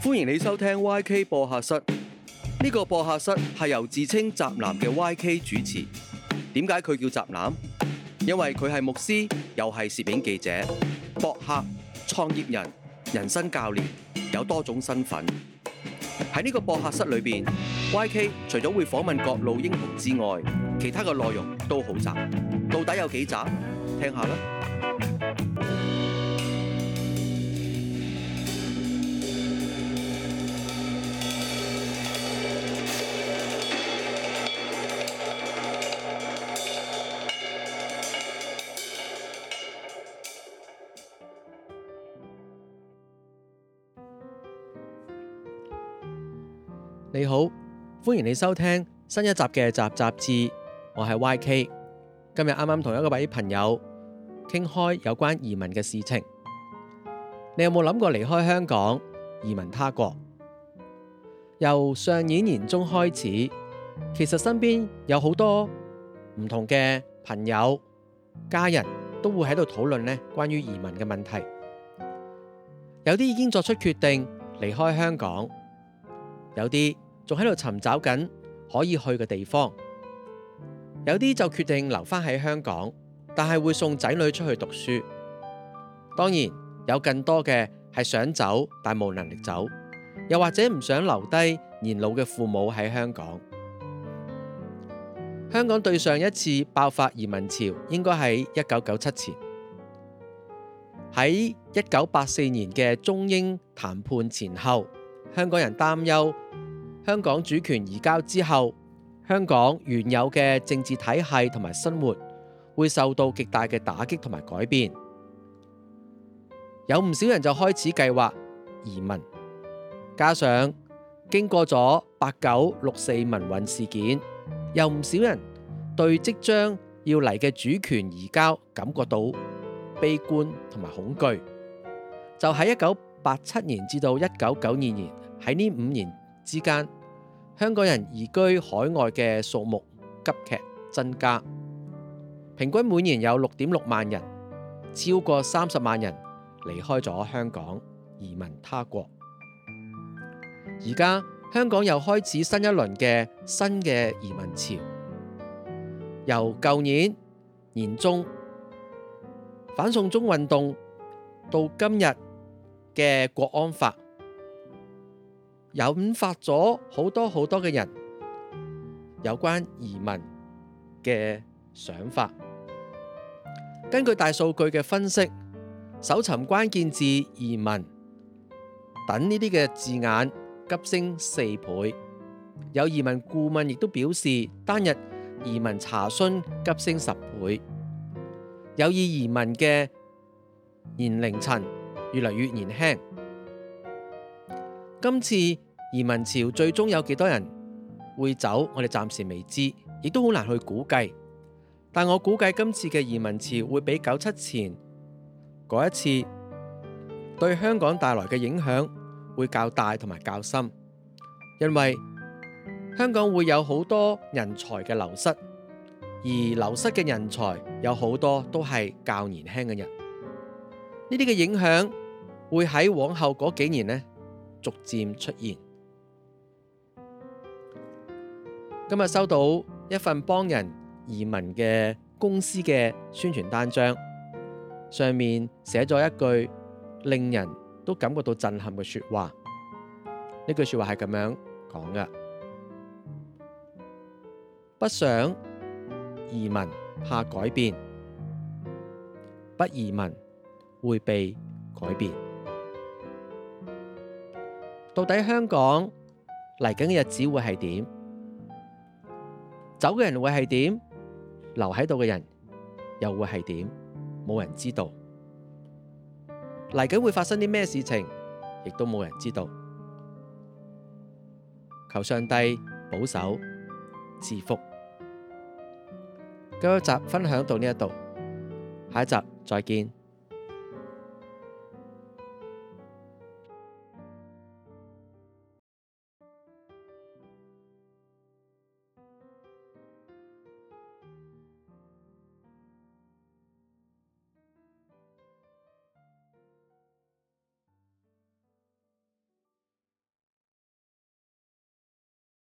歡迎你收聽 YK 播客室，呢、這個播客室係由自稱宅男嘅 YK 主持。點解佢叫宅男？因為佢係牧師，又係攝影記者、博客、創業人、人生教練，有多種身份。喺呢個播客室裏邊，YK 除咗會訪問各路英雄之外，其他嘅內容都好雜。到底有幾雜？聽下啦。你好，歡迎你收聽新一集嘅《集集志》，我係 YK。今日啱啱同一個位朋友傾開有關移民嘅事情。你有冇諗過離開香港移民他國？由上年年中開始，其實身邊有好多唔同嘅朋友、家人，都會喺度討論咧關於移民嘅問題。有啲已經作出決定離開香港。有啲仲喺度尋找緊可以去嘅地方，有啲就決定留返喺香港，但係會送仔女出去讀書。當然有更多嘅係想走但冇能力走，又或者唔想留低年老嘅父母喺香港。香港對上一次爆發移民潮應該喺一九九七前，喺一九八四年嘅中英談判前後。香港人擔憂香港主權移交之後，香港原有嘅政治體系同埋生活會受到極大嘅打擊同埋改變。有唔少人就開始計劃移民，加上經過咗八九六四民運事件，又唔少人對即將要嚟嘅主權移交感覺到悲觀同埋恐懼，就喺一九八七年至到一九九二年，年。喺呢五年之間，香港人移居海外嘅數目急劇增加，平均每年有六點六萬人，超過三十萬人離開咗香港移民他國。而家香港又開始新一輪嘅新嘅移民潮，由舊年年中反送中運動到今日嘅國安法。引發咗好多好多嘅人有關移民嘅想法。根據大數據嘅分析，搜尋關鍵字“移民”等呢啲嘅字眼急升四倍。有移民顧問亦都表示，單日移民查詢急升十倍。有意移民嘅年齡層越嚟越年輕。今次。移民潮最終有幾多人會走，我哋暫時未知，亦都好難去估計。今日收到一份幫人移民嘅公司嘅宣傳單張，上面寫咗一句令人都感覺到震撼嘅說話。呢句說話係咁樣講嘅：不想移民，怕改變；不移民會被改變。到底香港嚟緊嘅日子會係點？走嘅人會係點，留喺度嘅人又會係點，冇人知道。嚟緊會發生啲咩事情，亦都冇人知道。求上帝保守賜福。今日集分享到呢一度，下一集再見。